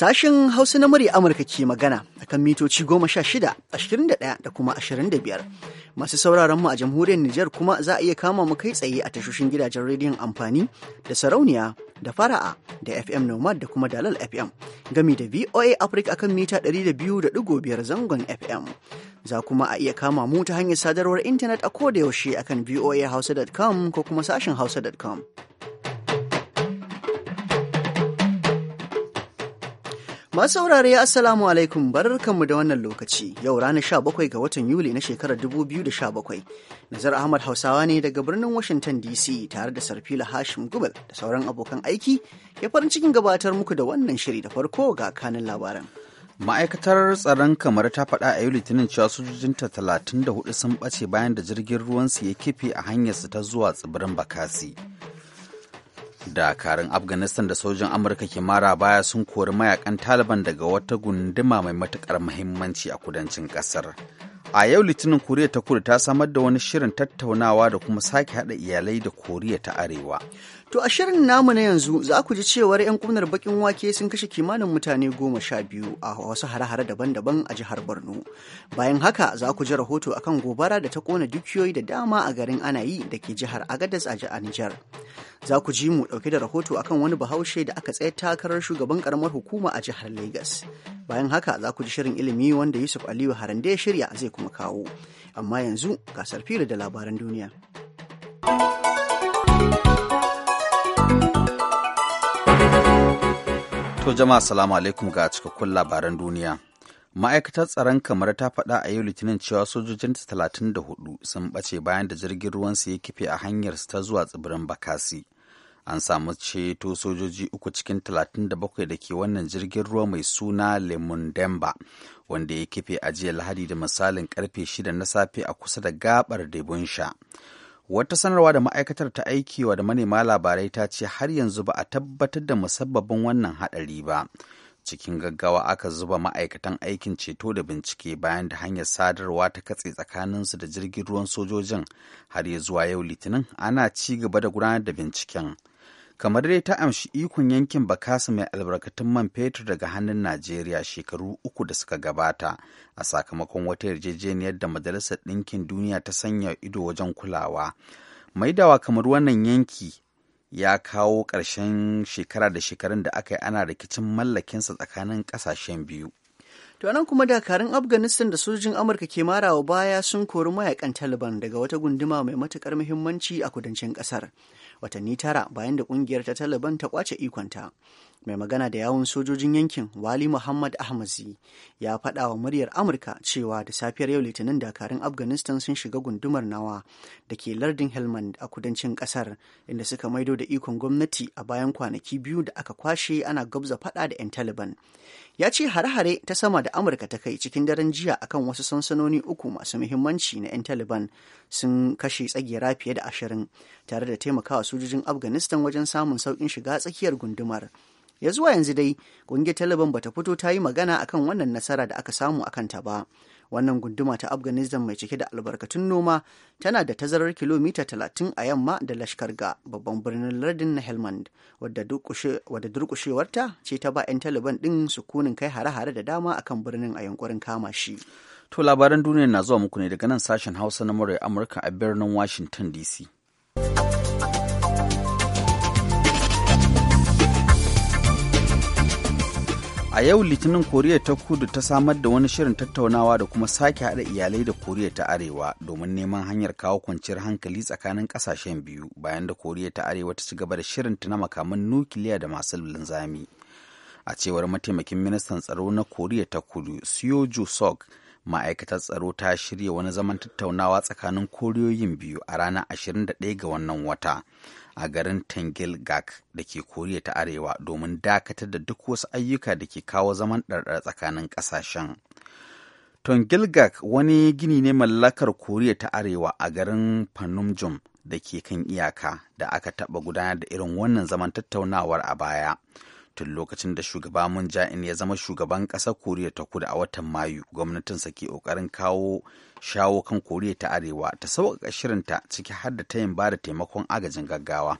Sashen Hausa na murya Amurka ke magana a kan mitoci goma sha shida, ashirin da ɗaya da kuma ashirin da biyar. Masu sauraron mu a jamhuriyar Nijar kuma za a iya kama mu kai tsaye a tashoshin gidajen rediyon amfani da sarauniya da fara'a da FM Nomad da kuma Dalal FM gami da VOA Africa akan mita ɗari da da biyu 200.5 zangon FM. Za kuma a iya kama mu ta hanyar sadarwar intanet a kodayaushe akan voahausa.com ko kuma sashen hausa.com. Masu saurare Assalamu alaikum mu da wannan lokaci yau ranar 17 ga watan Yuli na shekarar 2017. Nazar Ahmad Hausawa ne daga birnin Washington DC tare da Sarfila Hashim Gubal da sauran abokan aiki ya farin cikin gabatar muku da wannan shiri da farko ga kanin labaran. Ma'aikatar tsaron kamar ta faɗa a yau Litinin cewa da hudu sun ɓace bayan da jirgin ruwansu ya kife a su ta zuwa tsibirin Bakasi. dakarun afghanistan da sojin amurka ke mara baya sun kori mayakan taliban daga wata gunduma mai matukar muhimmanci a kudancin kasar a yau litinin koriya ta kudu ta samar da wani shirin tattaunawa da kuma sake haɗa iyalai da koriya ta arewa To a shirin namu na yanzu za ku ji cewar 'yan kunar bakin wake sun kashe kimanin mutane goma sha biyu a wasu hare-hare daban-daban a jihar Borno. Bayan haka za ku ji rahoto akan gobara da ta kona dukiyoyi da dama a garin Anayi da ke jihar Agadez a Nijar. Za ku ji mu ɗauke da rahoto akan wani bahaushe da aka tsaye takarar shugaban karamar hukuma a jihar Legas. Bayan haka za ku ji shirin ilimi wanda Yusuf Aliyu Harande ya shirya zai kuma kawo. Amma yanzu ga fili da labaran duniya. To jama'a salamu alaikum ga cikakkun labaran duniya. Ma'aikatar tsaron kamar ta faɗa a yau litinin cewa sojojinta talatin hudu sun ɓace bayan da jirgin ruwan su ya kife a su ta zuwa tsibirin Bakasi. An samu ceto sojoji uku cikin talatin da bakwai da ke wannan jirgin ruwa mai suna lemun Demba wanda ya kife a jiya Lahadi da misalin karfe shida na safe a kusa da gabar Debunsha. Wata sanarwa da ma'aikatar ta aikewa da manema labarai ta ce har yanzu ba a tabbatar da musabbabin wannan haɗari ba. Cikin gaggawa aka zuba ma'aikatan aikin ceto da bincike bayan da hanyar sadarwa ta katse tsakaninsu da jirgin ruwan sojojin har ya zuwa yau litinin ana ci gaba da gudanar da binciken. kamar dai ta amshi ikon yankin bakasu mai albarkatun man fetur daga hannun najeriya shekaru uku da suka gabata a sakamakon wata yarjejeniyar da majalisar ɗinkin duniya ta sanya ido wajen kulawa mai dawa kamar wannan yanki ya kawo ƙarshen shekara da shekarun da aka yi ana rikicin mallakinsa tsakanin ƙasashen biyu To nan kuma dakarun Afghanistan da sojin Amurka ke marawa baya sun kori mayakan Taliban daga wata gunduma mai matukar muhimmanci a kudancin ƙasar. watanni tara bayan da kungiyar ta Taliban ta kwace ikonta. mai magana da yawun sojojin yankin wali muhammad ahmazi ya faɗa wa muryar amurka cewa da safiyar yau litinin dakarun afghanistan sun shiga gundumar nawa da ke lardin helmand a kudancin ƙasar inda suka maido da ikon gwamnati a bayan kwanaki biyu da aka kwashe ana gabza faɗa da 'yan taliban ya ce hare-hare ta sama da amurka ta kai cikin daren jiya akan wasu sansanoni uku masu muhimmanci na 'yan taliban sun kashe tsagera fiye da ashirin tare da taimakawa sojojin afghanistan wajen samun sauƙin shiga tsakiyar gundumar ya zuwa yanzu dai ƙungiyar taliban bata fito ta yi magana akan wannan nasara da aka samu a kanta ba wannan gunduma ta afghanistan mai cike da albarkatun noma tana da tazarar kilomita 30 a yamma da lashkarga babban birnin lardin na helmand wadda durkushewarta ce ta ba 'yan taliban ɗin sukunin kai hare-hare da dama akan birnin a yankurin kama shi to labaran duniya na zuwa muku ne daga nan sashen hausa na murai amurka a birnin washington dc a yau litinin koriya ta kudu ta samar da wani shirin tattaunawa da kuma sake haɗa iyalai da koriya ta arewa domin neman hanyar kawo kwanciyar hankali tsakanin ƙasashen biyu bayan da koriya ta arewa ta ci gaba da shirinta na makaman nukiliya da masu linzami a cewar mataimakin ministan tsaro na koriya ta kudu siyo sok ma'aikatar tsaro ta shirya wani zaman tattaunawa tsakanin koriyoyin biyu a ranar 21 ga wannan wata. a garin gak da ke Koriya ta Arewa domin dakatar da duk wasu ayyuka da ke kawo zaman ɗarɗar tsakanin ƙasashen. tungil-gak wani gini ne mallakar Koriya ta Arewa a garin panumjum da ke kan iyaka da aka taɓa gudanar da irin wannan zaman tattaunawar a baya. tun lokacin da shugaba mun in ya zama shugaban ƙasar koriya ta kudu a watan mayu gwamnatinsa ke ƙoƙarin kawo shawo kan koriya ta arewa ta sauƙaƙa shirinta ciki har da tayin ba da taimakon agajin gaggawa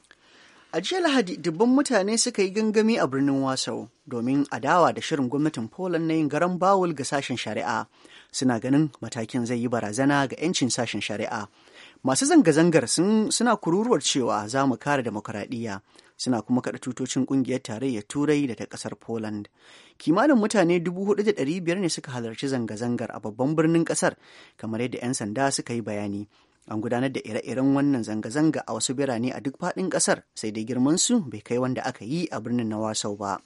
a jiya lahadi dubban mutane suka yi gangami a birnin wasau domin adawa da shirin gwamnatin poland na yin garan bawul ga sashen shari'a suna ganin matakin zai yi barazana ga 'yancin sashen shari'a masu zanga-zangar suna kururuwar cewa za mu kare demokuraɗiyya suna kuma kaɗa tutocin ƙungiyar tarayyar turai da ta ƙasar poland kimanin mutane 4,500 ne suka halarci zanga-zangar a babban birnin ƙasar kamar yadda 'yan sanda suka yi bayani an gudanar da ire-iren wannan zanga-zanga a wasu birane a duk faɗin ƙasar sai dai girman su bai kai wanda aka yi a birnin na wasau ba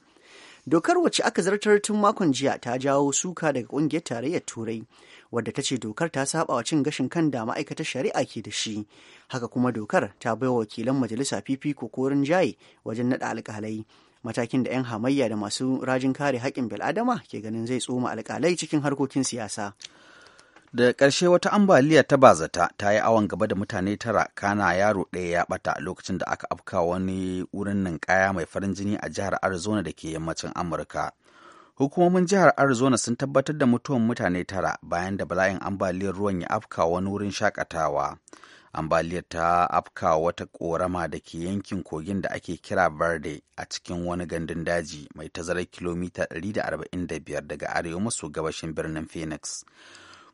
dokar wacce aka zartar tun makon jiya ta jawo suka daga kungiyar tarayyar turai wadda ta ce dokar ta saba cin gashin kan da ma'aikatar shari'a ke da shi haka kuma dokar ta bai wa wakilan majalisa fifiko ko rinjaye wajen naɗa alƙalai matakin da 'yan hamayya da masu rajin kare haƙƙin bil'adama ke ganin zai tsoma alƙalai cikin harkokin siyasa da ƙarshe wata ambaliya ta bazata ta yi awon gaba da mutane tara kana yaro ɗaya ya ɓata lokacin da aka afka wani wurin ninkaya mai farin jini a jihar arizona da ke yammacin amurka hukumomin jihar arizona sun tabbatar da mutuwan mutane tara bayan da bala'in ambaliyar ruwan ya afka wani wurin shakatawa ambaliyar ta afka wata korama da ke yankin kogin da ake kira Verde a cikin wani gandun daji mai tazarar kilomita 145 daga arewa maso gabashin birnin Phoenix.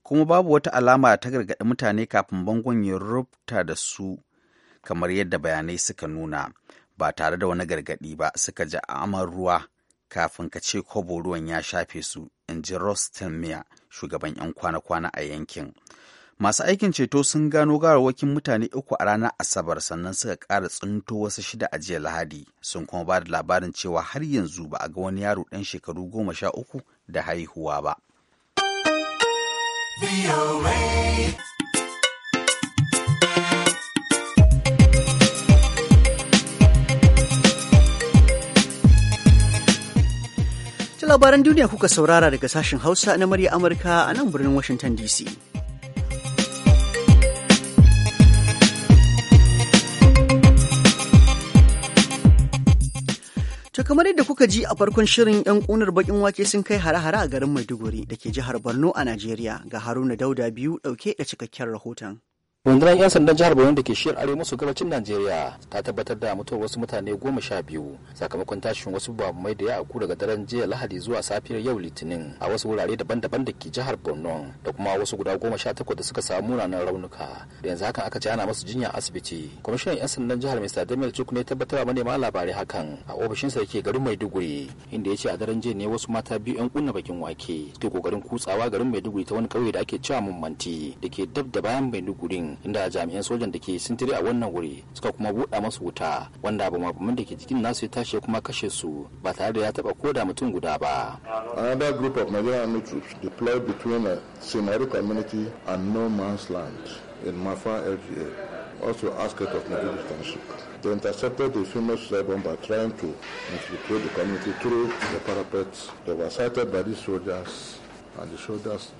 kuma babu wata alama ta gargaɗi mutane kafin bangon ya rubuta da su kamar yadda bayanai suka nuna ba tare da wani gargaɗi ba suka ji amar ruwa kafin ka ce kobo ruwan ya shafe su in ji Rostin miya shugaban 'yan kwana-kwana a yankin. Masu aikin ceto sun gano gawarwakin mutane uku a ranar Asabar sannan suka kara tsinto wasu shida a jiya Lahadi sun kuma ba da labarin cewa har yanzu ba a ga wani yaro ɗan shekaru goma sha uku da haihuwa ba. labaran duniya kuka saurara daga sashen Hausa na murya Amurka a nan birnin Washington DC. To kamar yadda kuka ji a farkon shirin 'yan ƙunar bakin wake sun kai hare-hare a garin Maiduguri da ke jihar Borno a Najeriya ga Haruna Dauda biyu ɗauke da cikakken rahoton. rundunar 'yan sandan jihar borno da ke shiyar arewa maso gabacin najeriya ta tabbatar da mutuwar wasu mutane goma sha biyu sakamakon tashin wasu babamai da ya aku daga daren jiya lahadi zuwa safiyar yau litinin a wasu wurare daban-daban da ke jihar borno da kuma wasu guda goma sha takwas da suka samu munanan raunuka da yanzu hakan aka ce ana masu jinya asibiti kwamishinan 'yan sandan jihar mr damiel cuk ne tabbatar manema labarai hakan a ofishinsa da ke garin maiduguri inda ya ce a daren jiya ne wasu mata biyu 'yan kunna bakin wake suke kokarin kutsawa garin maiduguri ta wani kauye da ake cewa mummanti da ke dab da bayan maiduguri din inda jami'an sojan da ke sintiri a wannan wuri suka kuma buɗa masu wuta wanda bumabumin da ke jikin nasu ya tashi kuma kashe su ba tare da ya taɓa koda mutum guda ba. Another group of Nigerian army troops deployed between a uh, Sinari community and no man's land in Mafa LGA also outskirts of Maiduguri Township. They intercepted a famous suicide bomber trying to infiltrate the community through the parapets. They were sighted by these soldiers and the soldiers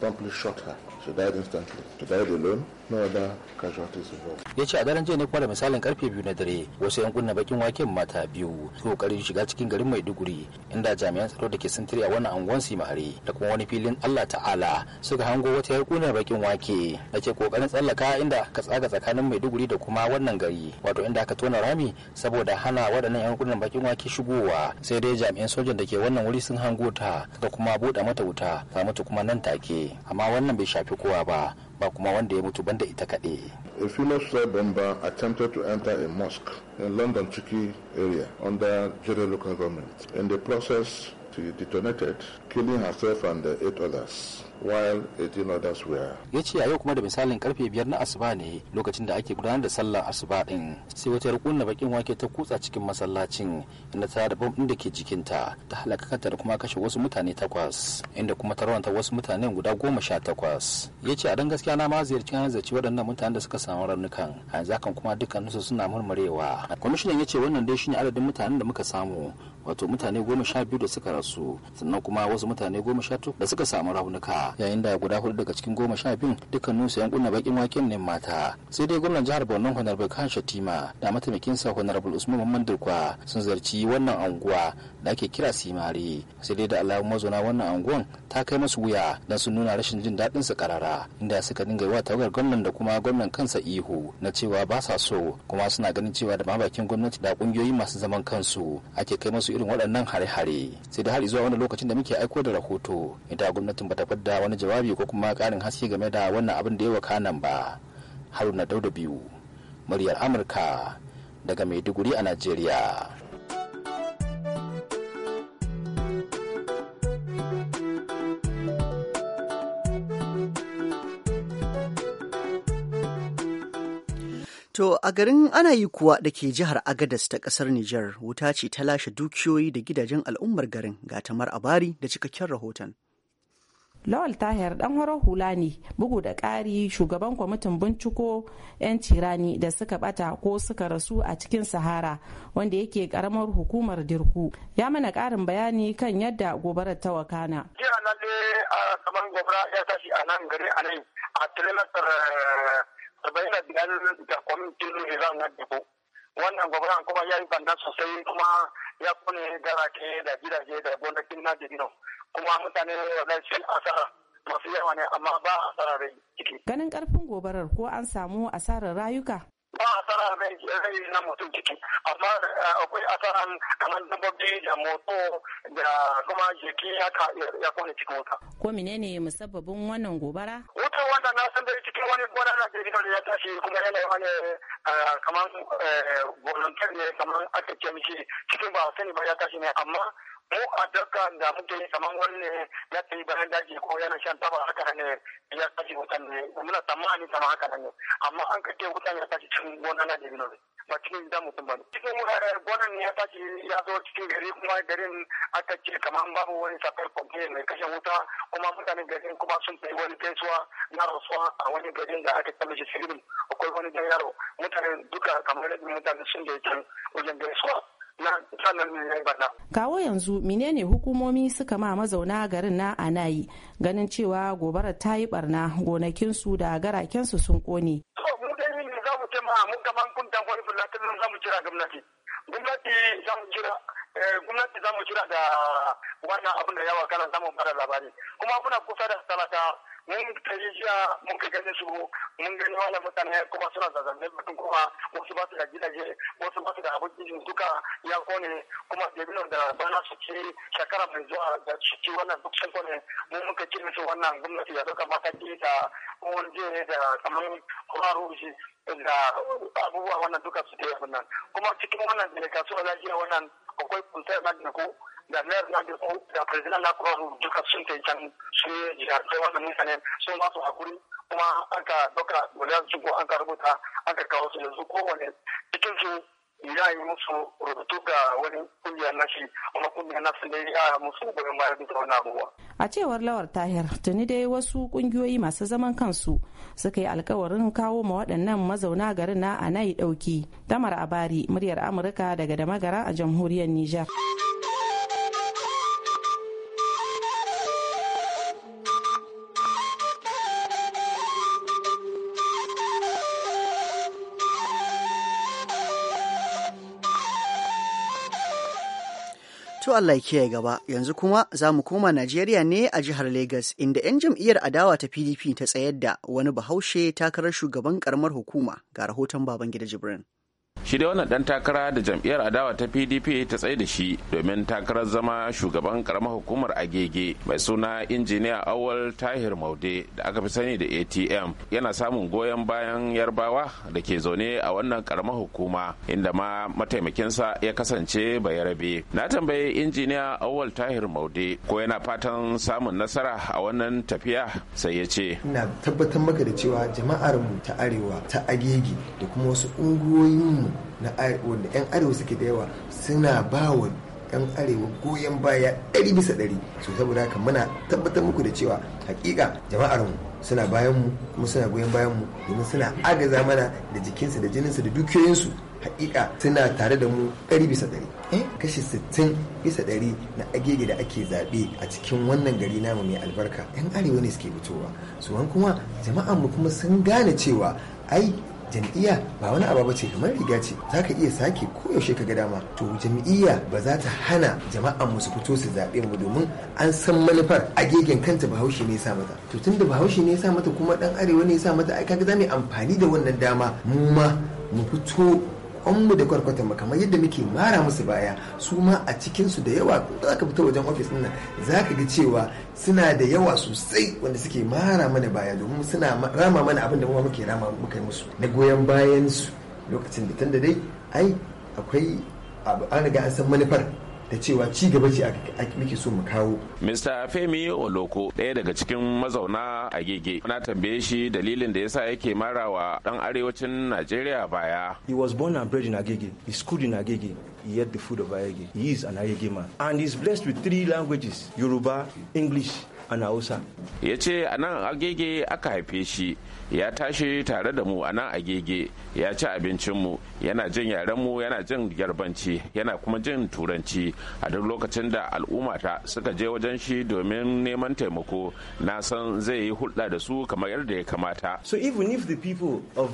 promptly shot her. She died instantly. She died alone. No other casualties involved. ya ce a daren jiya ne kuma da misalin karfe biyu na dare wasu yan kunna bakin waken mata biyu su kokarin shiga cikin garin maiduguri inda jami'an tsaro da ke sintiri a wannan anguwan mahare da kuma wani filin allah ta'ala suka hango wata yar kunna bakin wake da ke kokarin tsallaka inda ka tsaga tsakanin maiduguri da kuma wannan gari wato inda aka tona rami saboda hana waɗannan yan kunna bakin wake shigowa sai dai jami'an sojan da ke wannan wuri sun hango ta da kuma buɗe mata wuta ta mutu kuma nan take amma wannan bai shafi kowa ba ba kuma wanda ya mutu banda ita kaɗe. A female cell bomber attempted to enter a mosque in London Chiki area under Jere local government. In the process, she detonated, killing herself and eight others. while 18 others were. Ya ce a yau kuma da misalin karfe biyar na asuba ne lokacin da ake gudanar da sallar asuba din sai wata rukunna bakin wake ta kutsa cikin masallacin inda ta da bom da ke jikinta ta halaka kanta da kuma kashe wasu mutane takwas inda kuma ta rawanta wasu mutanen guda goma sha takwas. Ya ce a dan gaskiya na ma ziyarci an zaci waɗannan mutanen da suka samu raunukan a yanzu hakan kuma su suna murmurewa. Kwamishinan ya ce wannan dai shine adadin mutanen da muka samu wato mutane goma sha biyu da suka rasu sannan kuma wasu mutane goma sha da suka samu raunuka yayin da guda hudu daga cikin goma sha biyun dukkan su yan kunna bakin waken ne mata sai dai gwamnan jihar borno honorable khan shatima da sa honorable usman mamman durkwa sun zarci wannan anguwa da ake kira simari sai dai da alamun mazauna wannan anguwan ta kai masu wuya don sun nuna rashin jin daɗin su karara inda suka dinga yi wa tawagar gwamnan da kuma gwamnan kansa ihu na cewa ba sa so kuma suna ganin cewa da ma bakin gwamnati da kungiyoyi masu zaman kansu ake kai masu irin waɗannan hare-hare sai da har zuwa wani lokacin da muke aiko da rahoto ita gwamnatin bata fadda wani jawabi ko kuma ƙarin haske game da wannan abin da ya waka nan ba haruna dauda biyu muryar amurka daga maiduguri a najeriya a garin ana yi kuwa da ke jihar Agadas ta kasar Nijar wuta ce ta lashe dukiyoyi da gidajen al'ummar garin ga tamar abari da cikakken rahoton. Lawal Tahir dan horo hula ne bugu da ƙari shugaban kwamitin binciko 'yanci rani da suka bata ko suka rasu a cikin Sahara wanda yake karamar hukumar Dirku. Ya mana ƙarin bayani kan yadda gobarar ta wakana. Jiya nan a saman gobara ya tashi a nan gari a nan a eh, bayyana biyanin da kwamitin na dubu Wannan gwamnan kuma ya yi banna sosai kuma ya kone garake da gidaje da gonakin na Debo. Kuma mutane da sun asara masu yawa ne amma ba asara da ciki. Ganin karfin gobarar ko an samu asarar rayuka? rai na mutum ciki amma eh, akwai asaran kamar dabbobi da moto da kuma jiki ya kone cikin wuta. ko menene musabbabin wannan gobara? wutar wanda na san dai cikin wani gona na jirgin da ya tashi kuma yana wani eh, kamar eh, volunteer ne kamar aka ce mishi cikin ba sani ba ya tashi ne amma mu a dukkan da muke yi kamar wani ya yi bayan daji ko yana shan taba haka ne ya tashi wutan ne muna tsammani kama haka ne amma an kake wutan ya tashi cikin gona na dabino ne ba cikin da mutum ba ne cikin eh, gonan ne ya tashi ya zo cikin gari kuma garin aka ce kamar babu wani safar kwamfe mai kashe wuta kuma mutanen garin kuma sun fi wani gaisuwa na rasuwa a wani garin da aka kalli shi akwai wani da yaro mutanen duka kamar rabin mutane sun da yake wajen gaisuwa kawo yanzu menene hukumomi suka ma mazauna garin na Anayi ganin cewa gobarar ta yi barna gonakin su da garaken su sun kone to mu dai ne za mu ce ma mu kaman kun dan wani nan za mu jira gwamnati gwamnati za mu jira eh, gwamnati za mu jira da wannan abin da yawa kana zamu fara labari kuma muna kusa da talaka mun ta yi jiya mun ka gane su mun gani wani mutane kuma suna zazzabin mutum kuma wasu ba su da gidaje wasu ba su da abin jin duka ya kone kuma dabinon da bana su ce shekara mai zuwa da su ci wannan duk sun kone mun muka ce musu wannan gwamnati ya ɗauka mataki da kowane jere da kamar kwararo shi da abubuwa wannan duka su ke yi nan kuma cikin wannan delegation lafiya wannan akwai kunsa na ko da na da president na kuma duka sun ta can sun yi jihar wannan mutane sun ba su hakuri kuma an ka doka wani su ko an ka rubuta an ka kawo su yanzu kowane cikin su ya yi musu rubutu ga wani kungiyar nashi kuma kungiyar nasu ne ya musu goyon baya duka wani abubuwa. A cewar Lawar Tahir, tuni dai wasu kungiyoyi masu zaman kansu suka yi alkawarin kawo ma waɗannan mazauna garin na Anayi ɗauki. E Tamar Abari, muryar Amurka daga Damagara a jamhuriyar Nijar. Allah ya kiyaye gaba yanzu kuma za mu koma Najeriya ne a jihar Legas inda 'yan jam'iyyar adawa ta PDP ta tsayar da wani bahaushe takarar shugaban karamar hukuma ga rahoton baban gida Jibrin. shi dai wannan dan takara da jam'iyyar adawa ta pdp ta tsaye da shi domin takarar zama shugaban karamar hukumar agege mai suna injiniya awal tahir maude da aka fi sani da atm yana samun goyon bayan yarbawa da ke zaune a wannan karamar hukuma inda ma mataimakinsa ya kasance bayarabe na tambayi injiniya awal tahir maude ko yana fatan samun nasara a wannan tafiya sai ya ce ina tabbatar maka da cewa jama'ar mu ta arewa ta agege da kuma wasu unguwoyin mu na 'yan arewa suke da yawa suna ba wa 'yan arewa goyon baya dari bisa ɗari so saboda haka muna tabbatar muku da cewa hakika jama'ar mu suna bayan mu kuma suna goyon bayan mu domin suna agaza mana da jikinsu da jininsu da dukiyoyinsu hakika suna tare da mu dari bisa ɗari eh? kashi sittin bisa ɗari na agege da ake zaɓe a cikin wannan gari namu mai albarka yan arewa ne suke fitowa so kuma jama'ar mu kuma sun gane cewa ai jam'iyya ba wani abu ce kamar riga ce za ka iya sake koyaushe ka ga dama to jam'iyya ba za ta hana jama'an mu su fito su zaɓe mu domin an san manufar a gegen kanta bahaushe ne sa mata to tunda bahaushe ne sa mata kuma dan arewa ne sa mata ai kaga za mu amfani da wannan dama mu ma mu fito mu da kwarkwatan mu kamar yadda muke mara musu baya su ma a cikinsu da yawa za ka fita wajen ofis nan za ka ga cewa suna da yawa sosai wanda suke mara mana baya domin suna rama mana abin da mu muke rama muka musu na goyon bayan su lokacin da tunda dai ai akwai an riga an san manufar da cewa ci gaba ce muke so mu kawo. Mr. Femi Oloko ɗaya daga cikin mazauna a Gege na tambaye shi dalilin da yasa yake marawa ɗan arewacin Najeriya baya. He was born and bred in Agege. He schooled in Agege. He ate the food of Agege. He is an Agege man and he is blessed with three languages Yoruba, English ana hausa ya ce a nan agege aka haife shi ya tashi tare da mu a nan agege ya ci abincinmu yana jin yarenmu yana jin yarbanci yana kuma jin turanci a duk lokacin da al'ummata suka je wajen shi domin neman taimako na san zai yi hulɗa da su kamar yadda ya kamata so even if the people of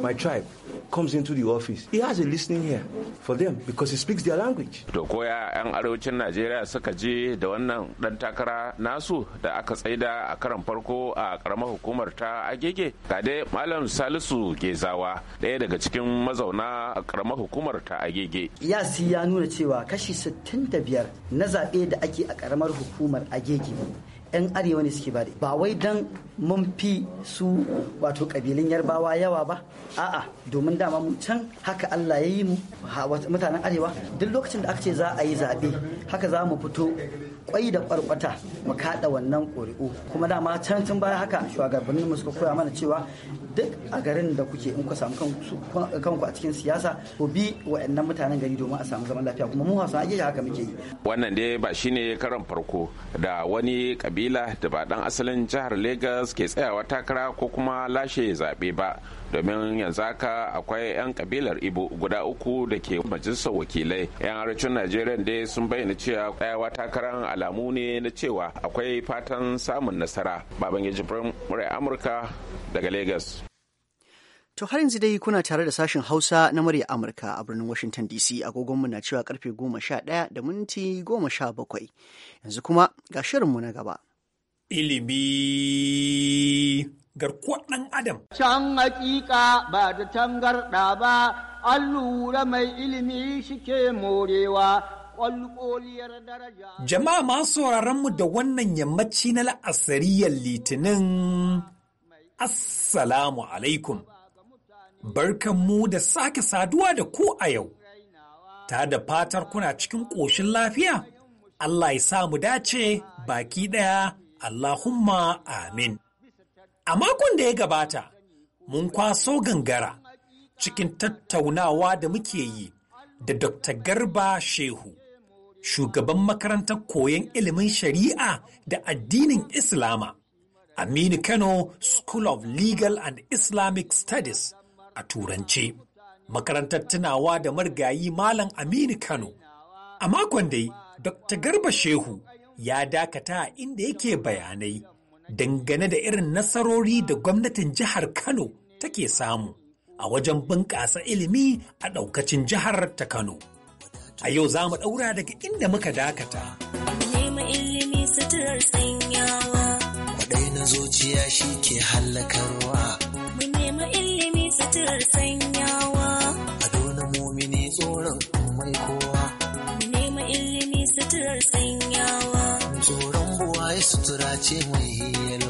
my tribe comes into the office, he has a listening ear for them because he speaks their language. To koya 'yan arewacin Najeriya suka je da wannan ɗan takara nasu da aka tsaida a karan farko a karamar hukumar ta agege ga dai Malam Salisu Gezawa ɗaya daga cikin mazauna a karamar hukumar ta agege. Yasi ya nuna cewa kashi 65 na zaɓe da ake a karamar hukumar agege 'yan arewa ne suke bada ba wai dan mun fi su wato kabilun yarbawa yawa ba a'a domin dama mu can haka Allah ya yi mu mutanen arewa duk lokacin da aka ce za a yi zaɓe haka za mu fito kwai da kwarkwata mu kada wannan ƙuri'u kuma dama can tun baya haka shugabannin mu suka koya mana cewa duk a garin da kuke in ku samu kanku a cikin siyasa ku bi wa'annan mutanen gari domin a samu zaman lafiya kuma mu hausa ake haka muke yi wannan dai ba shine karan farko da wani kabila da ba dan asalin jihar lagos ke tsayawa takara ko kuma lashe zaɓe ba domin yanzu haka akwai 'yan kabilar ibo guda uku da ke majalisar wakilai 'yan arewacin najeriya dai sun bayyana cewa tsayawa takarar alamu ne na cewa akwai fatan samun nasara baban ya jibrin murai amurka daga Legas. To har yanzu dai kuna tare da sashen Hausa na murya Amurka a birnin Washington DC agogonmu na cewa karfe goma ɗaya da minti goma sha bakwai. Yanzu kuma ga shirinmu na gaba. Ilimi garkuwar ɗan Adam. Can hakika ba da tangarɗa ba, an lura mai ilimi shike morewa Jama'a masu mu da wannan yammaci na la'asariyar litinin Assalamu alaikum. mu da sake saduwa da ku a yau, ta da fatar kuna cikin ƙoshin lafiya, Allah ya samu dace baki ɗaya Allahumma amin. A makon da ya gabata, mun kwaso gangara cikin tattaunawa da muke yi da Dr. Garba Shehu. shugaban makarantar koyon ilimin shari'a da addinin Islama, Aminu Kano School of Legal and Islamic Studies a Turance. Makarantar tunawa da marigayi Malam Aminu Kano. A makon dai, Dr. Garba Shehu ya dakata inda yake bayanai dangane da irin nasarori da gwamnatin jihar Kano take samu a wajen bunƙasa ilimi a ɗaukacin jihar ta Kano. a yau za mu ɗaura daga inda muka dakata. Nema ilimi suturar sanyawa. Kwaɗai na zuciya shi ke hallakarwa. Mu nema ilimi suturar sanyawa. A dona mumini tsoron mai kowa. Mu nema ilimi suturar sanyawa. Tsoron buwaye sutura ce mai hiyar.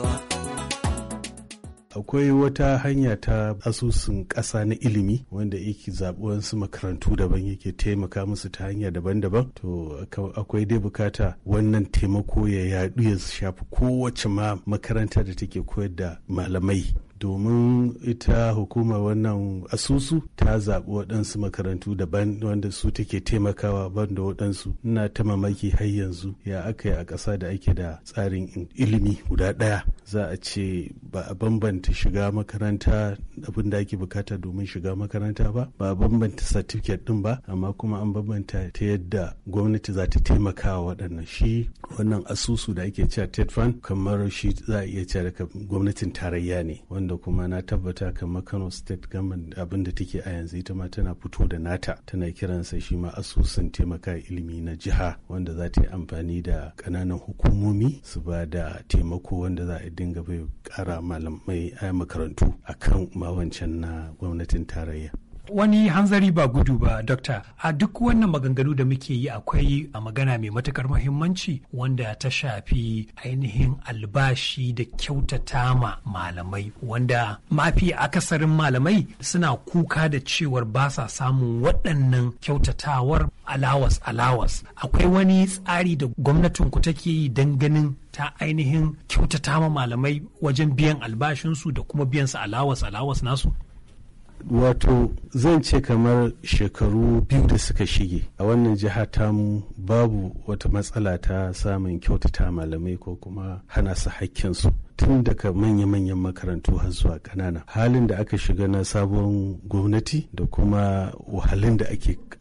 akwai wata hanya ta asusun ƙasa na ilimi wanda yake zaɓi su makarantu daban yake taimaka musu ta hanya daban-daban to akwai dai bukata wannan taimako ya yaɗu ya shafi kowace ma makaranta da take koyar da malamai domin ita hukumar wannan asusu ta zaɓi waɗansu makarantu daban wanda su take taimakawa ban da waɗansu ina ta mamaki har yanzu ya aka yi a ƙasa da ake da tsarin ilimi guda ɗaya za a ce ba a bambanta shiga makaranta abin da ake bukata domin shiga makaranta ba ba a bambanta satifiket din ba amma kuma an bambanta ta yadda gwamnati za ta taimaka wa waɗannan shi wannan asusu da ake cewa ted fund kamar shi za a iya cewa daga gwamnatin tarayya ne wanda kuma na tabbata kamar kano state government abin da take a yanzu ita ma tana fito da nata tana kiransa shi ma asusun taimaka ilimi na jiha wanda za ta yi amfani da ƙananan hukumomi su ba da taimako wanda za a dinga bai kara malamai a eh, makarantu a kan wancan na gwamnatin tarayya wani hanzari ba gudu ba dokta a duk wannan maganganu da muke yi akwai a magana mai matukar muhimmanci wanda ta shafi ainihin albashi da kyautata ma malamai wanda mafi akasarin malamai suna kuka da cewar ba sa samun waɗannan kyautatawar alawas alawas akwai wani tsari da gwamnatinku take yi don ganin ta ainihin kyautata ma malamai wajen biyan albashinsu da kuma biyan su alawas alawas nasu wato zan ce kamar shekaru biyu da suka shige a wannan jiha tamu babu wata matsala ta samun kyautata malamai ko kuma hana su hakkinsu tun daga manya-manyan makarantu har zuwa ƙanana halin da aka shiga na sabon gwamnati da kuma wahalin da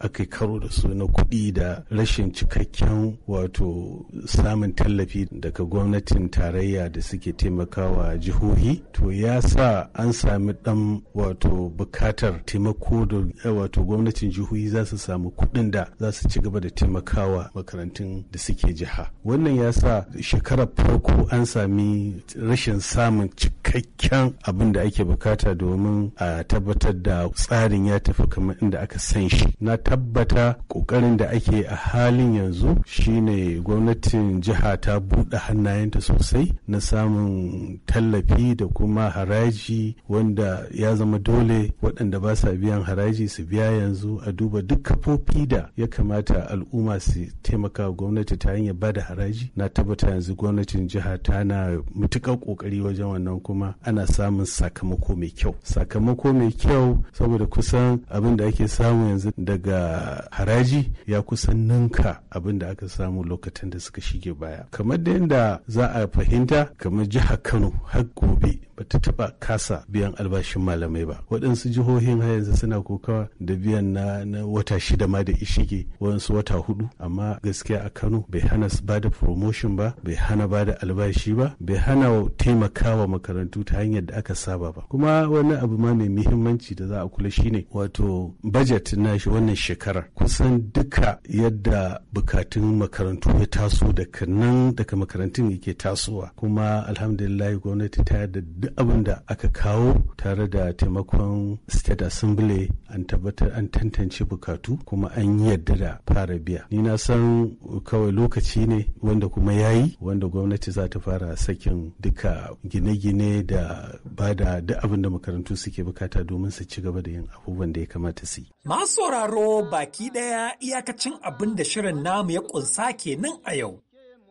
ake karo da su na kuɗi da rashin cikakken wato samun tallafi daga gwamnatin tarayya da suke taimakawa jihohi to ya sa an sami ɗan wato bukatar taimako da eh, wato gwamnatin jihohi za su samu kuɗin da za su ci gaba da taimakawa makarantun da suke jiha wannan ya sa shekarar farko an sami rashin samun cikakken abin da ake bukata domin a tabbatar da tsarin ya tafi kamar inda aka san shi na tabbata kokarin da ake a halin yanzu shine gwamnatin jiha ta buɗe hannayenta sosai na samun tallafi da kuma haraji wanda ya zama dole waɗanda ba sa biyan haraji su biya yanzu a duba duk kafofi da ya kamata al'umma su taimaka gwamnati ta hanyar ba da haraji na tabbata yanzu gwamnatin jiha ta na mutuƙar matuƙar ƙoƙari wajen wannan kuma ana samun sakamako mai kyau sakamako mai kyau saboda kusan abin da ake samu yanzu daga haraji ya kusan ninka abin da aka samu lokacin da suka shige baya kamar da yadda za a fahimta kamar jihar kano har gobe ba ta taɓa kasa biyan albashin malamai ba waɗansu jihohin har yanzu suna kokawa da biyan na, wata shida ma da ishige waɗansu wata hudu amma gaskiya a kano bai hana ba da promotion ba bai hana ba da albashi ba bai hana taimaka wa makarantu ta hanyar da aka saba ba kuma wani abu ma mai muhimmanci da za a kula shine wato bajet na shi wannan shekarar kusan duka yadda bukatun makarantu ya taso daga nan daga makarantun yake tasowa kuma alhamdulillah gwamnati ta yarda duk abin da aka kawo tare da taimakon state assembly an tabbatar an tantance bukatu kuma an yadda da fara biya ni na san kawai lokaci ne wanda kuma ya yi wanda gwamnati za ta fara sakin duka gine-gine da ba da duk abin da makarantu suke bukata domin su ci gaba da yin abubuwan da ya kamata su yi masu sauraro baki daya iyakacin abin da shirin namu ya kunsa kenan a yau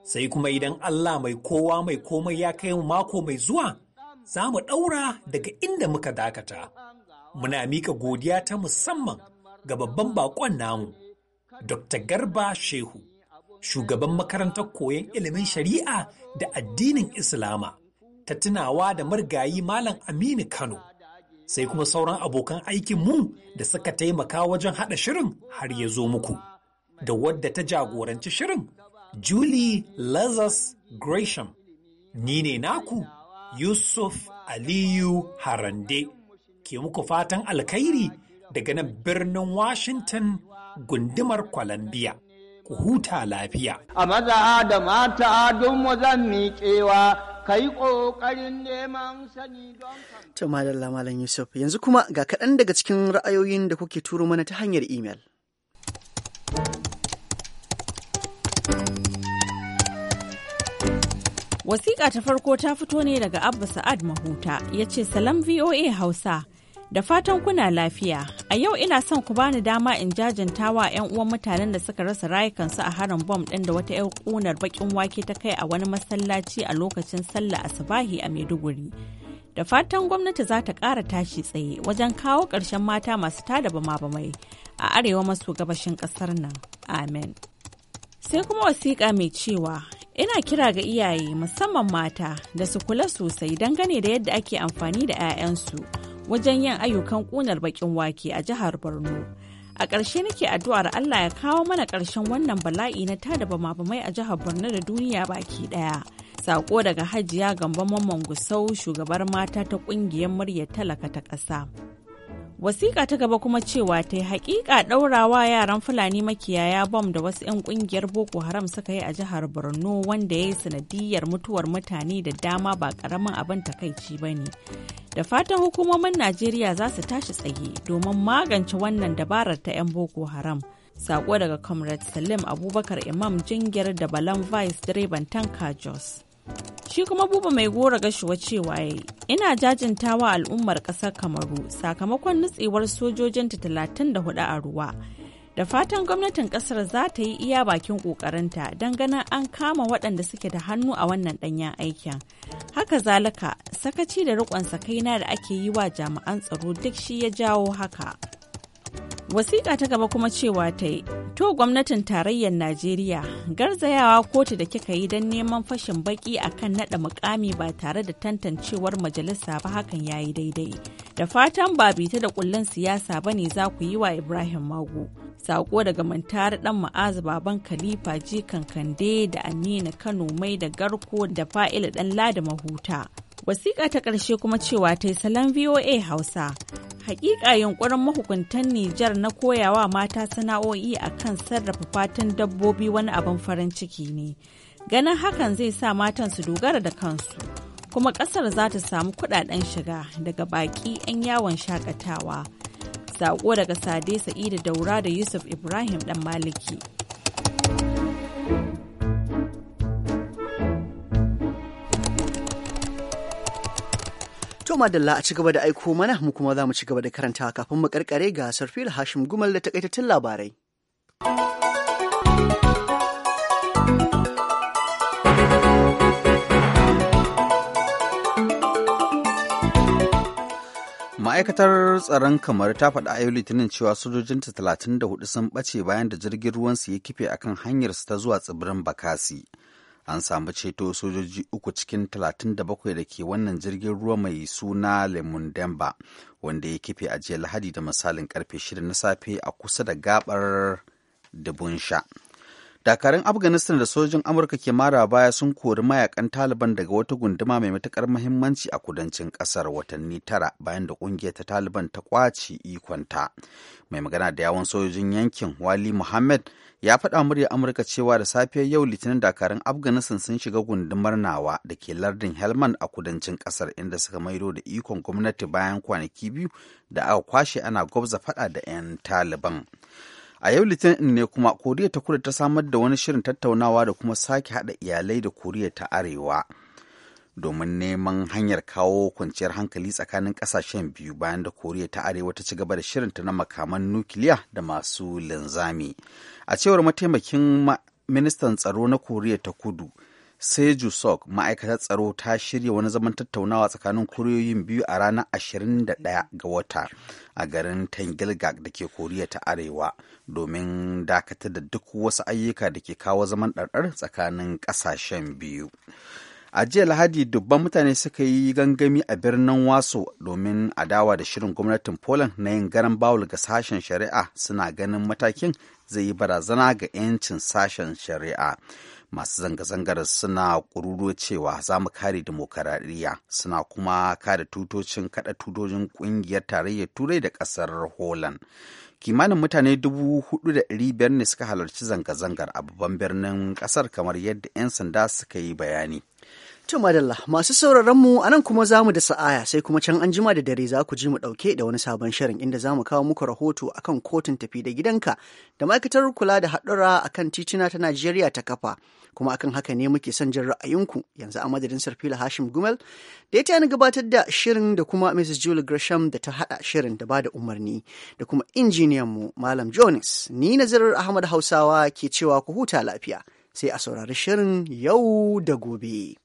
sai kuma idan Allah mai kowa mai komai ya kai mako mai zuwa za mu ɗaura daga inda muka dakata. muna mika godiya ta musamman ga babban bakon namu, Dr. Garba Shehu, shugaban makarantar koyon ilimin shari'a da addinin Islama, ta tunawa da margayi Malam Aminu Kano, sai kuma sauran abokan aikin mu da suka taimaka wajen haɗa shirin har ya zo muku, da wadda ta jagoranci shirin, Julie Lazarus Gresham, ni ne naku Yusuf Aliyu Harande. ke muku fatan alkhairi daga nan birnin Washington gundumar Columbia. Ku huta lafiya. A maza da mata don zan miƙewa, ka yi ƙoƙarin neman sani don To Madalla Malam Yusuf, yanzu kuma ga kaɗan daga cikin ra'ayoyin da kuke turo mana ta hanyar imel. Wasiƙa ta farko ta fito ne daga Abba Sa'ad Mahuta, ya ce Salam VOA Hausa. Da fatan kuna lafiya, a yau ina son ku bani dama in jajanta wa 'yan uwan mutanen da suka rasa rayukansu a harin bom ɗin da wata 'yan ƙunar baƙin wake ta kai a wani masallaci a lokacin sallah asubahi a Maiduguri. Da fatan gwamnati za ta ƙara tashi tsaye wajen kawo ƙarshen mata masu tada bama-bamai a arewa maso gabashin ƙasar nan. Amen. Sai kuma wasiƙa mai cewa ina kira ga iyaye musamman mata da su kula sosai dangane da yadda ake amfani da 'ya'yansu. wajen yin ayyukan ƙunar baƙin wake a jihar Borno. A ƙarshe nake addu'ar Allah ya kawo mana ƙarshen wannan bala'i na tada bama a jihar Borno da duniya baki ɗaya. Sako daga Hajiya Gambo Mamman Gusau shugabar mata ta ƙungiyar muryar talaka ta ƙasa. wasiƙa ta gaba kuma cewa ta yi haƙiƙa ɗaurawa yaran fulani makiyaya bom da wasu 'yan ƙungiyar boko haram suka yi a jihar borno wanda ya yi sanadiyar mutuwar mutane da dama ba ƙaramin abin takaici ba ne da fatan hukumomin najeriya za su tashi tsaye domin magance wannan dabarar ta 'yan boko haram sako daga comrade salim abubakar imam jingir da balan vice direban tanka jos Shi kuma buba mai gora gashuwa cewa ya yi, ina jajintawa al'ummar ƙasar Kamaru sakamakon nutsewar sojojinta talatin da 34 a ruwa. Da fatan gwamnatin ƙasar za ta yi iya bakin ƙoƙarinta don ganin an kama waɗanda suke da hannu a wannan ɗanyen aikin. Haka zalika, sakaci da riƙon sakaina da ake yi wa jami'an tsaro duk shi ya jawo haka. Wasiƙa ta gaba kuma cewa ta yi, To gwamnatin tarayyar Najeriya garzayawa kotu da kika yi don neman fashin baki akan naɗa mukami ba tare da tantancewar majalisa ba hakan ya yi daidai. Da fatan ba bita da kullun siyasa ba ne za ku yi wa Ibrahim Magu. Sako daga mantar ɗan ma'azu baban Khalifa Jikan Kande da Amina Kano mai da Garko da fa'ila ɗan Ladi Mahuta. Wasiƙa ta ƙarshe kuma cewa ta yi salon VOA Hausa. haƙiƙa yunƙurin mahukuntan Nijar na koyawa mata sana'o'i a kan sarrafa fatan dabbobi wani abin farin ciki ne. Ganin hakan zai sa matan su dogara da kansu. Kuma ƙasar za ta samu kuɗaɗen shiga daga baƙi 'yan yawon shakatawa. Saƙo daga Sade Sa'ida, Daura da Yusuf Ibrahim ɗan Maliki. To madalla a ci gaba da aiko mana mu kuma za mu ci gaba da karanta kafin mu karkare ga Sarfil Hashim Gumal da takaitattun labarai. ma'aikatar tsaron kamar ta faɗa a yau litinin cewa sojojinta 34 sun ɓace bayan da jirgin ruwansu ya kife akan hanyarsu ta zuwa tsibirin bakasi an samu ceto sojoji uku cikin 37 da ke wannan jirgin ruwa mai suna lemon demba wanda ya kife a jiya lahadi da misalin karfe 6 na safe a kusa da gabar dubunsha dakarun afghanistan da sojin amurka ke mara baya sun kori mayakan taliban daga wata gunduma mai matukar muhimmanci a kudancin kasar watanni tara bayan da kungiyar ta taliban ta kwace ikonta mai magana da yawon sojojin yankin wali muhammad ya faɗa murya amurka cewa da safiyar yau litinin dakarun afghanistan sun shiga gundumar nawa da ke lardin helmand a kudancin kasar inda suka maido da ikon gwamnati bayan kwanaki biyu da aka kwashe ana gwabza faɗa da 'yan taliban a yau litinin ne kuma koriya ta kudu ta samar da wani shirin tattaunawa da kuma sake haɗa iyalai da koriya ta arewa domin neman hanyar kawo kwanciyar hankali tsakanin ƙasashen biyu bayan da koriya ta arewa ta ci gaba da shirinta na makaman nukiliya da masu linzami a cewar mataimakin ministan tsaro na koriya ta kudu seju sok ma'aikatar tsaro ta shirya wani zaman tattaunawa tsakanin kuriyoyin biyu a ranar 21 ga wata a garin tangilgag da ke koriya ta arewa domin dakatar da duk wasu ayyuka da ke kawo zaman ɗarɗar tsakanin ƙasashen biyu a jiya lahadi dubban mutane suka yi gangami a birnin waso domin adawa da shirin gwamnatin poland na yin garan bawul ga sashen shari'a suna ganin matakin zai yi barazana ga 'yancin sashen shari'a masu zanga-zangar suna kururo cewa za mu kare demokaradiyya suna kuma kare tutocin kada tutocin ƙungiyar tarayyar turai da ƙasar holland kimanin mutane biyar ne suka halarci zanga-zangar a babban birnin kasar kamar yadda 'yan sanda suka yi bayani To madalla masu sauraron mu anan kuma zamu da sa'aya sai kuma can an jima da dare za ku ji mu ɗauke da wani sabon shirin inda za mu kawo muku rahoto akan kotun tafi da gidanka da ma'aikatar kula da haɗura akan tituna ta Najeriya ta kafa kuma akan haka ne muke son jin ra'ayinku yanzu a madadin Sarfila Hashim Gumel da ya tayani gabatar da shirin da kuma Mrs. Julie Gresham da ta haɗa shirin da ba da umarni da kuma injiniyan mu Malam Jones ni Nazirar Ahmad Hausawa ke cewa ku huta lafiya sai a saurari shirin yau da gobe.